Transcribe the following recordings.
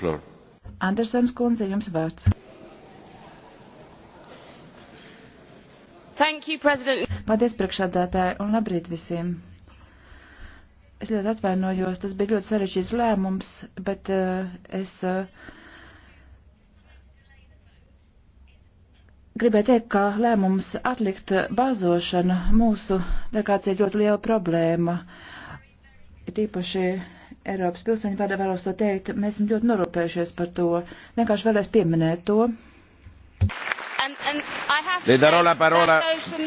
floor. Andersons kundze, jums vārds. Thank you, President. Paldies, priekšādātāji, un labrīt visiem. Es ļoti atvainojos, tas bija ļoti sarežģīts lēmums, bet uh, es. Uh, gribēju teikt, ka lēmums atlikt bazošanu mūsu delegācija ļoti liela problēma. Ir īpaši Eiropas pilsēņu vārdā vēlos to teikt, mēs esam ļoti norūpējušies par to. Vienkārši vēlēs pieminēt to. And, and le darò la parola,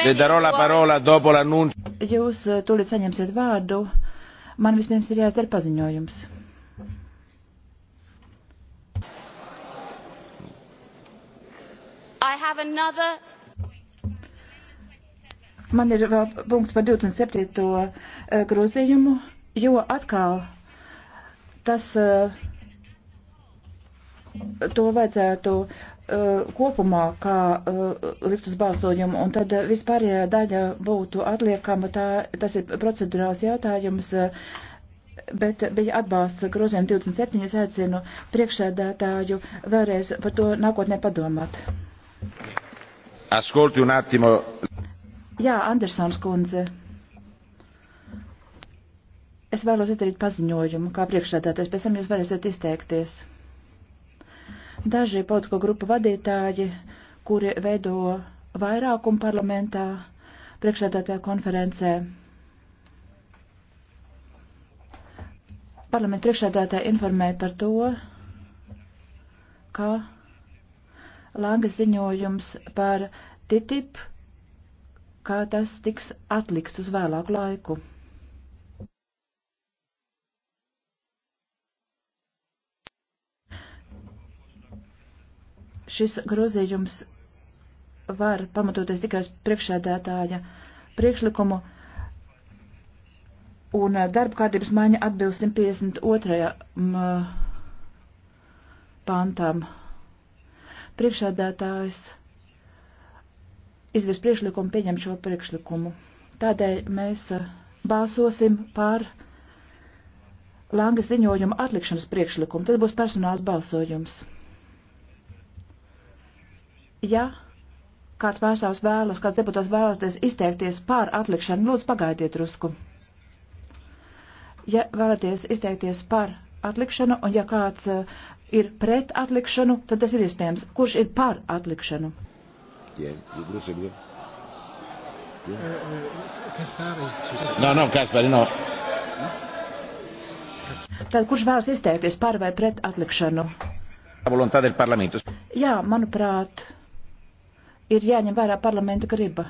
le darò la parola dopo l'annuncio. Jūs eh, tūlīt saņemsiet vārdu. Man vispirms ir jāizdara paziņojums. I have another Man ir vēl punkts par 27. Eh, grozījumu, jo atkal tas, eh, to vajadzētu eh, kopumā kā eh, likt uz balsojumu, un tad vispārējā daļa būtu atliekama, tā, tas ir procedurāls jautājums, bet bija atbalsts grozījumam 27, es aicinu priekšsēdētāju vēlreiz par to nākotnē padomāt. Ascolti un attimo. Jā, Andersons kundze. Es vēlos izdarīt paziņojumu, kā priekšsēdētājs, pēc tam jūs varēsiet izteikties. Daži politisko grupu vadītāji, kuri veido vairākumu parlamentā, priekšsēdētāja konferencē, parlamenta priekšsēdētāja informēja par to, ka Langa ziņojums par TTIP, kā tas tiks atlikts uz vēlāku laiku. Šis grozījums var pamatoties tikai uz priekšsēdētāja priekšlikumu un eh, darba kārtības maiņa atbilst 152. pantam. Priekšsēdētājs izvirs priekšlikumu pieņem šo priekšlikumu. Tādēļ mēs eh, balsosim par Langa ziņojumu atlikšanas priekšlikumu. Tad būs personāls balsojums. Ja kāds vēsās vēlas, kāds deputāts vēlas izteikties pār atlikšanu, lūdzu pagaidiet rusku. Ja vēlaties izteikties par atlikšanu, un ja kāds uh, ir pret atlikšanu, tad tas ir iespējams. Kurš ir par atlikšanu? Yeah, nu, eh, eh, No, no, Kaspari, no. Tad kurš vēlas izteikties par vai pret atlikšanu? Jā, manuprāt, ir jāņem vērā parlamenta griba.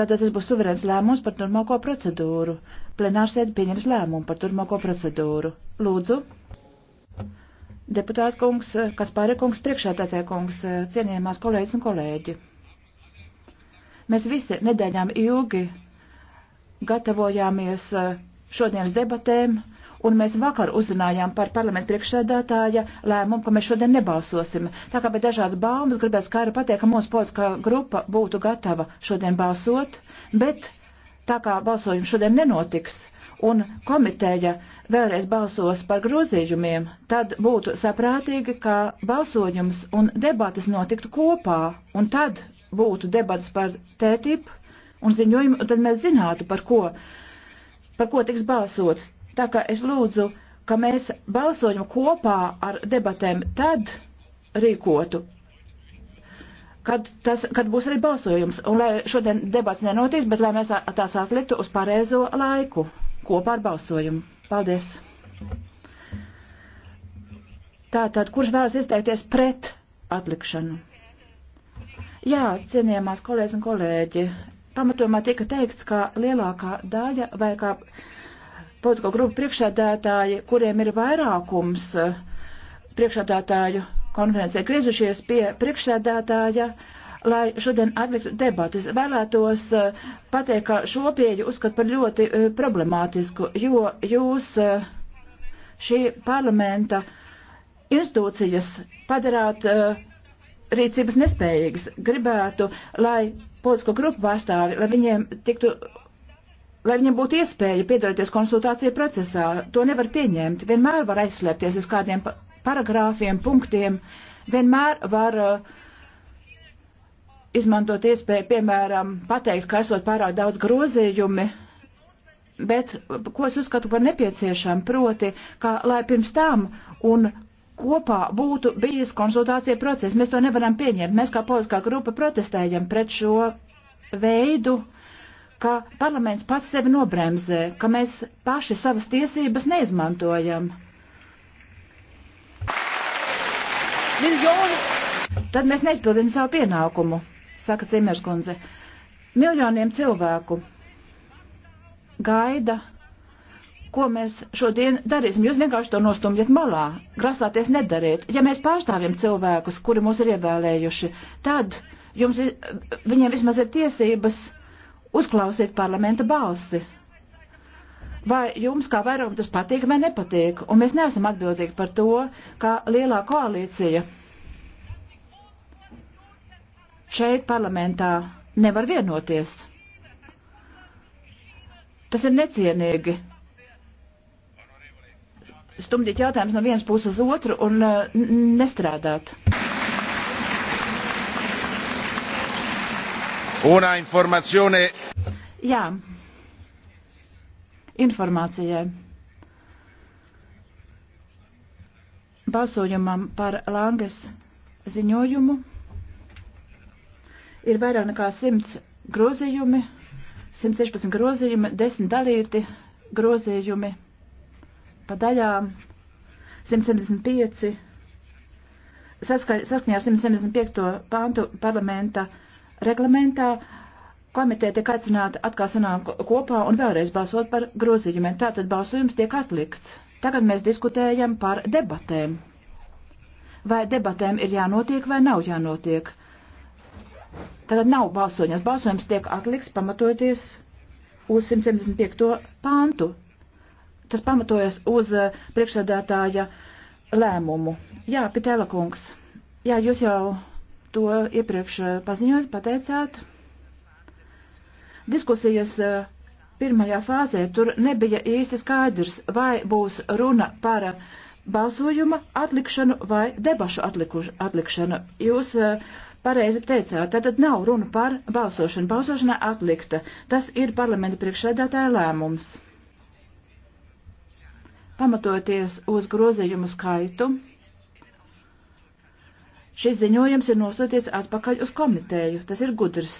Tātad tas būs suverēns lēmums par turmāko procedūru. Plenārsēde pieņems lēmumu par turmāko procedūru. Lūdzu. Deputāta kungs, eh, Kaspāra kungs, priekšētātē kungs, eh, cienījamās kolēģis un kolēģi. Mēs visi nedēļām ilgi gatavojāmies eh, šodienas debatēm un mēs vakar uzzinājām par parlamentu priekšsēdētāja lēmumu, ka mēs šodien nebalsosim. Tā kā bija dažādas baumas, gribētu skaidri pateikt, ka mūsu politiskā grupa būtu gatava šodien balsot, bet tā kā balsojums šodien nenotiks, un komiteja vēlreiz balsos par grozījumiem, tad būtu saprātīgi, ka balsojums un debatas notiktu kopā, un tad būtu debatas par tētību un ziņojumu, un tad mēs zinātu, par ko, par ko tiks balsots. Tā kā es lūdzu, ka mēs balsojumu kopā ar debatēm tad rīkotu, kad, tas, kad būs arī balsojums. Un lai šodien debats nenotiek, bet lai mēs tās atliktu uz pareizo laiku kopā ar balsojumu. Paldies! Tātad, kurš vēlas izteikties pret atlikšanu? Jā, cienījamās kolēģis un kolēģi, pamatojumā tika teikts, ka lielākā daļa vai kā. Ka politisko grupu priekšsēdētāji, kuriem ir vairākums eh, priekšsēdētāju konferencē, griezušies pie priekšsēdētāja lai šodien atliktu debatas. Vēlētos eh, pateikt, ka šo pieeju uzskat par ļoti eh, problemātisku, jo jūs šī parlamenta institūcijas padarāt rīcības nespējīgas. Gribētu, lai politisko grupu pārstāvi, lai viņiem tiktu lai viņiem būtu iespēja piedalīties konsultāciju procesā. To nevar pieņemt. Vienmēr var aizslēpties uz kādiem paragrāfiem, punktiem. Vienmēr var uh, izmantot iespēju, piemēram, pateikt, ka esot pārāk daudz grozījumi. Bet, uh, ko es uzskatu par nepieciešam, proti, ka, lai pirms tam un kopā būtu bijis konsultācija process, mēs to nevaram pieņemt. Mēs kā politiskā grupa protestējam pret šo veidu, uh, ka parlaments pats sevi nobremzē, ka mēs paši savas tiesības neizmantojam. Miljoni. Tad mēs neizpildījām savu pienākumu, saka Cimerskundze. Miljoniem cilvēku gaida, ko mēs šodien darīsim. Jūs vienkārši to nostumjat malā, grasāties nedarīt. Ja mēs pārstāvjam cilvēkus, kuri mūs ir ievēlējuši, tad jums, viņiem vismaz ir tiesības uzklausīt parlamenta balsi. Vai jums kā vairumu tas patīk vai nepatīk? Un mēs neesam atbildīgi par to, kā lielā koalīcija šeit parlamentā nevar vienoties. Tas ir necienīgi. Stumdīt jautājumus no vienas puses uz otru un nestrādāt. Una informācija. Jā, informācijai. Balsojumam par Langas ziņojumu ir vairāk nekā 100 grozījumi, 116 grozījumi, 10 dalīti grozījumi pa daļām, 175 saskaņā ar 175. pāntu parlamenta reglamentā komiteja tiek aicināta atkal sanāk kopā un vēlreiz balsot par grozījumiem. Tātad balsojums tiek atlikts. Tagad mēs diskutējam par debatēm. Vai debatēm ir jānotiek vai nav jānotiek? Tagad nav balsoņas. Balsojums tiek atlikts pamatojoties uz 175. pāntu. Tas pamatojas uz eh, priekšsēdētāja lēmumu. Jā, Pitēla kungs. Jā, jūs jau to iepriekš eh, paziņojot, pateicāt. Diskusijas eh, pirmajā fāzē tur nebija īsti skaidrs, vai būs runa par eh, balsojuma atlikšanu vai debašu atlikuš, atlikšanu. Jūs pareizi teicāt, tātad nav runa par balsošanu. Balsošana atlikta. Tas ir parlamenta priekšsēdētāja lēmums. Pamatoties uz grozījumu skaitu. Šis ziņojums ir nosūties atpakaļ uz komiteju. Tas ir gudrs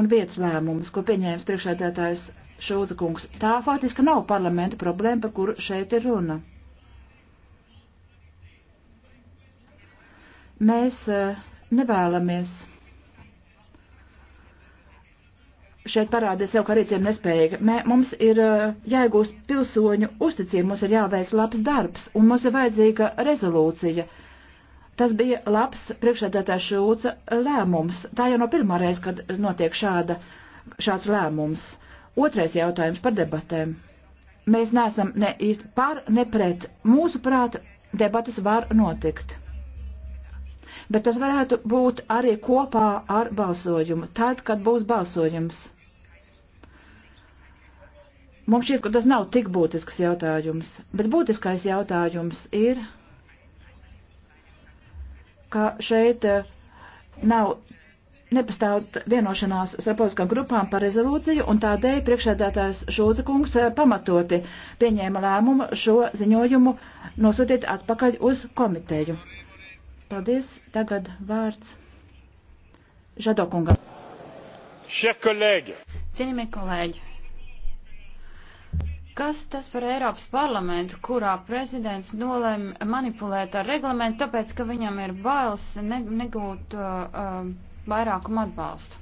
un vietas lēmums, ko pieņēmis priekšēdētājs Šulca kungs. Tā faktiski nav parlamenta problēma, par kuru šeit ir runa. Mēs eh, nevēlamies šeit parādīt sev, ka rīcība nespējīga. Mē, mums ir eh, jāiegūst pilsoņu uzticību, mums ir jāveic labs darbs, un mums ir vajadzīga rezolūcija Tas bija labs priekšsēdētāja Šulca lēmums. Tā jau no pirmā reize, kad notiek šāda, šāds lēmums. Otrais jautājums par debatēm. Mēs neesam ne īsti par, ne pret. Mūsu prāta debatas var notikt. Bet tas varētu būt arī kopā ar balsojumu, tad, kad būs balsojums. Mums šķiet, ka tas nav tik būtisks jautājums, bet būtiskais jautājums ir ka šeit eh, nav nepastāv vienošanās starptautiskām grupām par rezolūciju, un tādēļ priekšsēdētājs Šūdza kungs eh, pamatoti pieņēma lēmumu šo ziņojumu nosūtīt atpakaļ uz komiteju. Paldies. Tagad vārds Žadokungam. Cienījamie kolēģi! Kas tas par Eiropas parlamentu, kurā prezidents nolēma manipulēt ar reglamentu, tāpēc, ka viņam ir bailes ne, negūt uh, um, vairākumu atbalstu?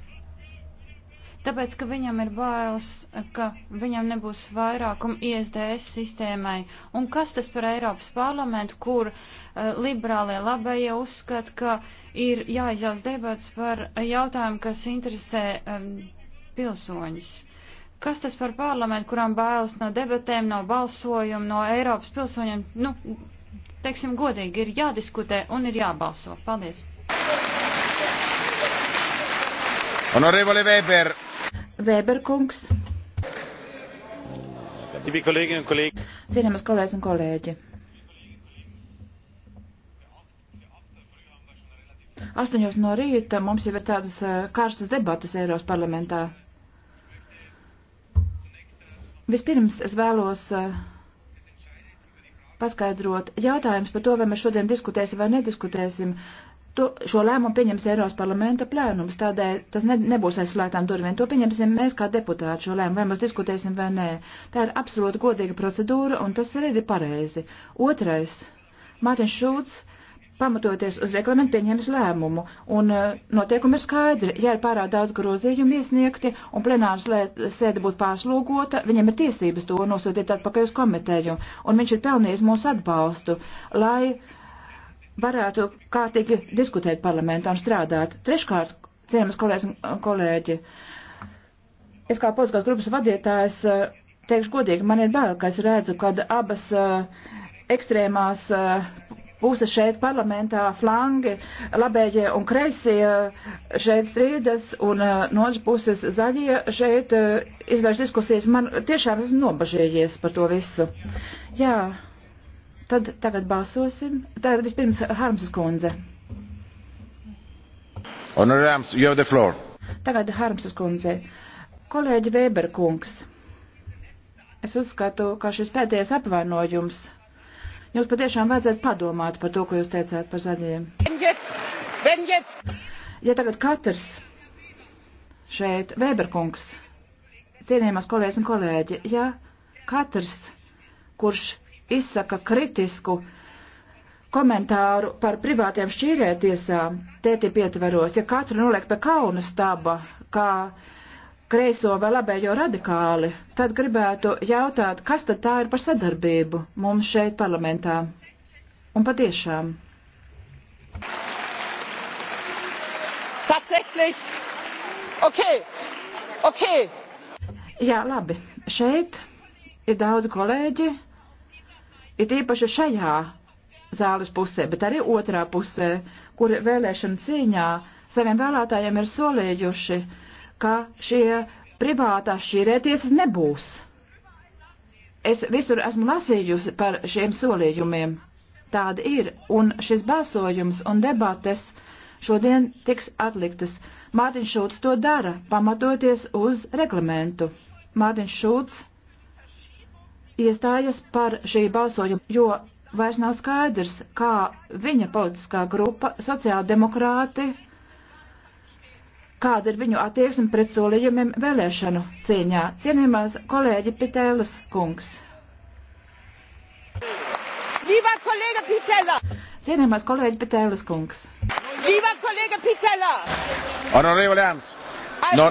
Tāpēc, ka viņam ir bailes, ka viņam nebūs vairākumu ISDS sistēmai. Un kas tas par Eiropas parlamentu, kur uh, liberālie labējie uzskata, ka ir jāizjās debats par jautājumu, kas interesē um, pilsoņus? Uh, Kas tas par parlamentu, kurām bailes no debatēm, no balsojuma, no Eiropas pilsoņiem? Nu, teiksim godīgi, ir jādiskutē un ir jābalso. Paldies. Honorevole Weber. Weber kungs. Liebe Kolleginnen und Kollegen. Cienījamas kolēģis un kolēģi. 8 no rīta mums jau ir tādas eh, karstas debatas Eiropas parlamentā. Vispirms es vēlos eh, paskaidrot jautājums par to, vai mēs šodien diskutēsim vai nediskutēsim. To, šo lēmumu pieņems Eiropas parlamenta plēnums, tādēļ tas ne, nebūs aizslēgtām durvīm. To pieņemsim mēs kā deputāti šo lēmumu, vai mēs diskutēsim vai nē. Tā ir absolūti godīga procedūra, un tas arī ir pareizi. Otrais. Mārtiņš Šulcs pamatoties uz reglamentu pieņems lēmumu, un eh, noteikumi ir skaidri. Ja ir pārāk daudz grozījumu iesniegti un plenārs sēde būtu pārslogota, viņam ir tiesības to nosūtīt atpakaļ uz komiteju, un viņš ir pelnījis mūsu atbalstu, lai varētu kārtīgi diskutēt parlamentā un strādāt. Treškārt, cienījamas kolēģis un eh, kolēģi, es kā politiskās grupas vadītājs eh, teikšu godīgi, man ir bail, ka es redzu, kad abas ekstrēmās puse šeit parlamentā, flangi, labējie un kreisie eh, šeit strīdas un eh, no otras puses zaļie šeit eh, izvērš diskusijas. Man tiešām esmu nobažījies par to visu. Jā, tad tagad balsosim. Tagad vispirms Harmsas kundze. Honorāms, you have the floor. Tagad Harmsas kundze. Kolēģi Weber kungs. Es uzskatu, ka šis pēdējais apvainojums Jums patiešām vajadzētu padomāt par to, ko jūs teicāt par zaļiem. Ja tagad katrs šeit, Vēberkungs, cienījamās kolēģis un kolēģi, ja katrs, kurš izsaka kritisku komentāru par privātiem šķīrētiesām, tēti pietveros, ja katru noliek pie kauna staba, kā kreiso vai labējo radikāli, tad gribētu jautāt, kas tad tā ir par sadarbību mums šeit parlamentā. Un patiešām. Tatsächlich. Okay. Okay. Jā, labi. Šeit ir daudz kolēģi, ir īpaši šajā zāles pusē, bet arī otrā pusē, kuri vēlēšana cīņā saviem vēlētājiem ir solījuši, uh, ka šie privātās šķīrēties nebūs. Es visur esmu lasījusi par šiem solījumiem. Tāda ir, un šis balsojums un debates šodien tiks atliktas. Mārtiņš Šulcs to dara, pamatoties uz reglamentu. Mārtiņš Šulcs iestājas par šī balsojuma, jo vairs nav skaidrs, kā viņa politiskā grupa, sociāldemokrāti, kāda ir viņu attieksme pret solījumiem vēlēšanu cīņā. Cienījumās kolēģi Pitēlas kungs. Viva kolēģa Pitēla! Cienījumās kolēģi Pitēlas kungs. Viva kolēģa Pitēla! Honorevole Ams! No...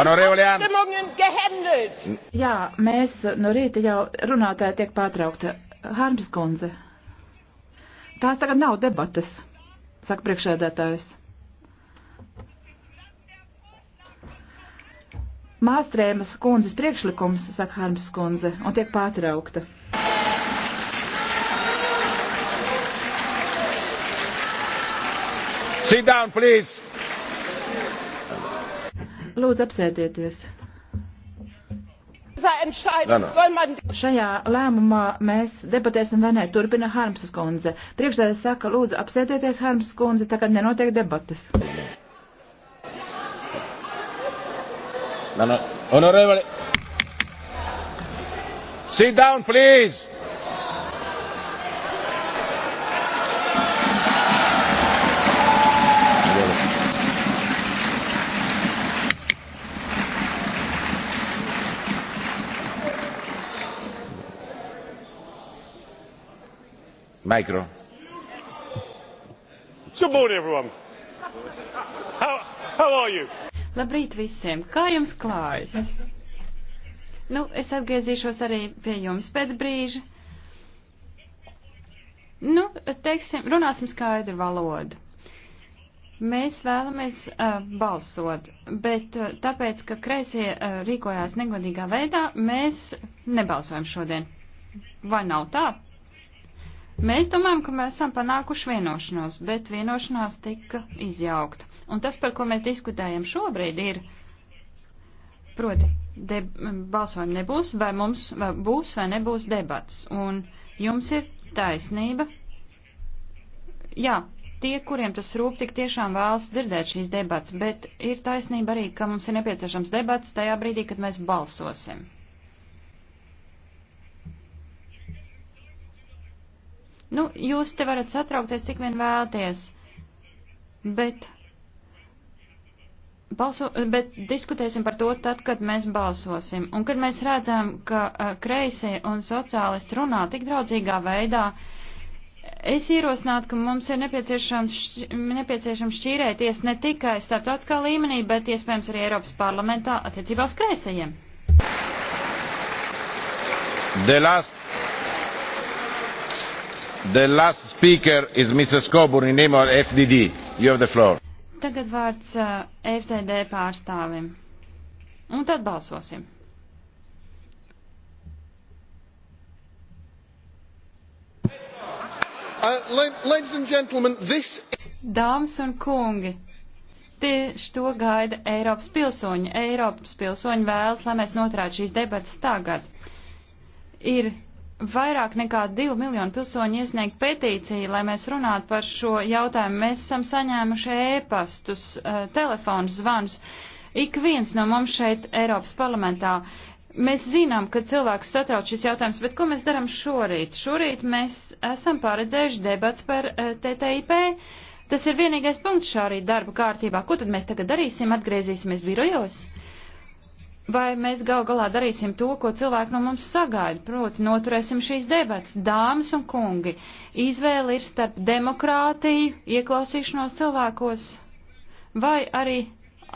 Honorevole Ams! Jā, mēs no rīta jau runātāji tiek pārtraukta. Harms kundze. Tās tagad nav debatas, saka priekšēdētājs. Māstrēmas kundzes priekšlikums, saka Harms kundze, un tiek pārtraukta. Sit down, please. Lūdzu, apsēdieties. No, no. Šajā lēmumā mēs debatēsim vai nē, turpina Harmsas kundze. Priekšsēdētājs saka, lūdzu, apsēdieties, Harmsas kundze, tagad nenotiek debatas. Onorevole. Sit down, please. Micro. Good morning, everyone. How, how are you? Labrīt visiem! Kā jums klājas? Nu, es atgriezīšos arī pie jums pēc brīža. Nu, teiksim, runāsim skaidru valodu. Mēs vēlamies uh, balsot, bet uh, tāpēc, ka kreisie uh, rīkojās negodīgā veidā, mēs nebalsojam šodien. Vai nav tā? Mēs domājam, ka mēs esam panākuši vienošanos, bet vienošanās tika izjaukta. Un tas, par ko mēs diskutējam šobrīd, ir, proti, de, balsojumi nebūs, vai mums vai būs vai nebūs debats. Un jums ir taisnība. Jā, tie, kuriem tas rūp, tik tiešām vēlas dzirdēt šīs debats, bet ir taisnība arī, ka mums ir nepieciešams debats tajā brīdī, kad mēs balsosim. Nu, jūs te varat satraukties, cik vien vēlaties, bet, balso, bet diskutēsim par to tad, kad mēs balsosim. Un kad mēs redzam, ka uh, kreisie un sociālisti runā tik draudzīgā veidā, es ierosinātu, ka mums ir nepieciešams, šķi, nepieciešams šķīrēties ne tikai starptautiskā līmenī, bet iespējams arī Eiropas parlamentā attiecībā uz kreisajiem. The last The last speaker is Mrs. Coburn in name of FDD. You have the floor. Tagad vārds uh, eh, FDD pārstāvim. Un tad balsosim. Uh, Dāmas un kungi, tieši to gaida Eiropas pilsoņi. Eiropas pilsoņi vēlas, lai mēs noturētu šīs debatas tagad. Ir vairāk nekā 2 miljonu pilsoņu iesniegt petīciju, lai mēs runātu par šo jautājumu. Mēs esam saņēmuši ēpastus, e telefonus, zvanus. Ik viens no mums šeit Eiropas parlamentā. Mēs zinām, ka cilvēks satrauc šis jautājums, bet ko mēs darām šorīt? Šorīt mēs esam paredzējuši debats par e eh, TTIP. Tas ir vienīgais punkts šā rīta darba kārtībā. Ko tad mēs tagad darīsim? Atgriezīsimies birojos? vai mēs gal galā darīsim to, ko cilvēki no mums sagaida, proti noturēsim šīs debats. Dāmas un kungi, izvēle ir starp demokrātiju, ieklausīšanos cilvēkos, vai arī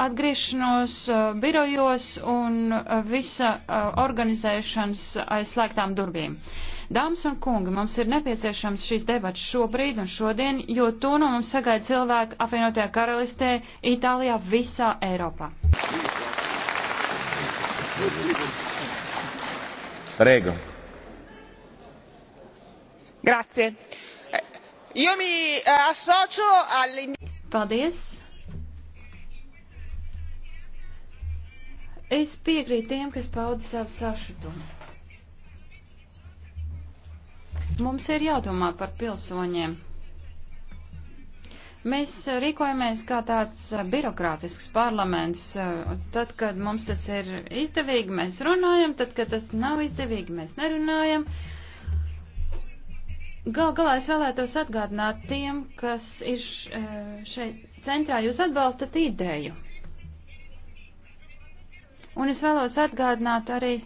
atgriešanos uh, birojos un uh, visa uh, organizēšanas aizslēgtām durvīm. Dāmas un kungi, mums ir nepieciešams šīs debats šobrīd un šodien, jo to no mums sagaida cilvēki apvienotajā karalistē, Itālijā, visā Eiropā. Thank you. Eh, io mi eh, associo alle. paldies. es piekrītu tiem kas pauda savu sašutumu. mums ir jādomā par pilsoņiem. Mēs uh, rīkojamies kā tāds uh, birokrātisks parlaments. Uh, tad, kad mums tas ir izdevīgi, mēs runājam, tad, kad tas nav izdevīgi, mēs nerunājam. Gal galā es vēlētos atgādināt tiem, kas ir šeit centrā, jūs atbalstat ideju. Un es vēlos atgādināt arī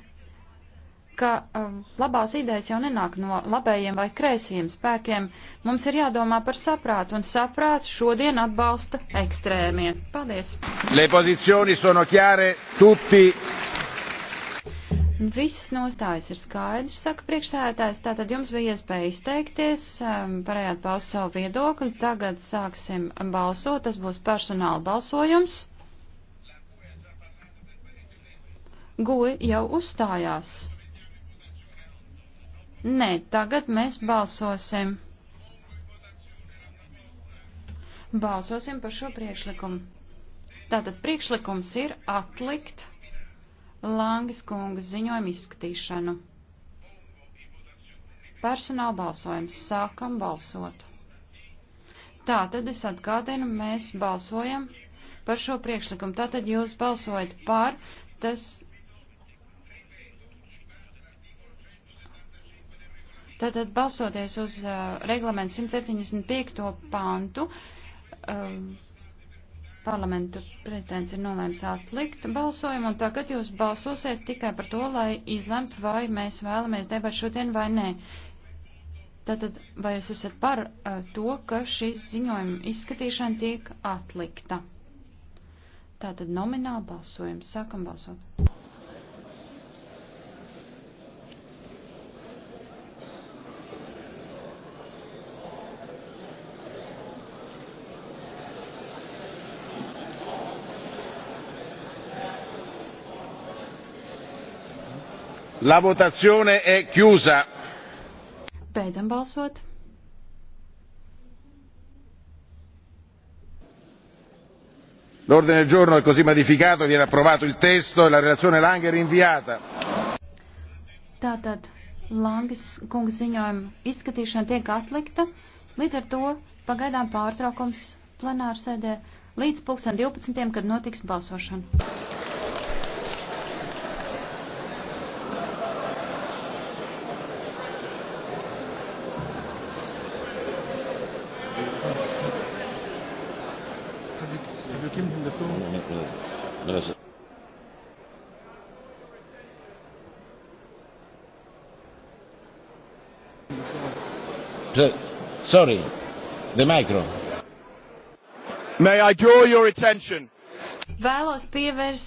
ka um, labās idejas jau nenāk no labējiem vai kreisajiem spēkiem. Mums ir jādomā par saprātu, un saprātu šodien atbalsta ekstrēmie. Paldies! Le pozicioni sono chiare tutti. Visas nostājas ir skaidrs, saka priekšsēdētājs. Tātad jums bija iespēja izteikties, varējāt um, paust savu viedokli. Tagad sāksim balsot. Tas būs personāla balsojums. Guļ jau uzstājās. Nē, tagad mēs balsosim. Balsosim par šo priekšlikumu. Tātad priekšlikums ir atlikt Langas kungas ziņojumu izskatīšanu. Personāla balsojums. Sākam balsot. Tā, tad es atgādinu, mēs balsojam par šo priekšlikumu. Tātad jūs balsojat par, tas Tātad balsoties uz uh, reglamentu 175. pāntu, uh, parlamentu prezidents ir nolēms atlikt balsojumu, un tagad jūs balsosiet tikai par to, lai izlemt, vai mēs vēlamies debat šodien vai nē. Tātad, vai jūs esat par uh, to, ka šīs ziņojuma izskatīšana tiek atlikta? Tātad nomināli balsojums. Sākam balsot. La votazione è chiusa. Beidzam balsot. L'ordine del giorno è così modificato, viene approvato il testo e la relazione Lange è rinviata. Tātad Langes kunga ziņojuma izskatīšana tiek atlikta, līdz ar to pagaidām pārtraukums plenārsēdē līdz 2012. kad notiks balsošana. Sorry, the micro. May I draw your attention? Vēlos pievērst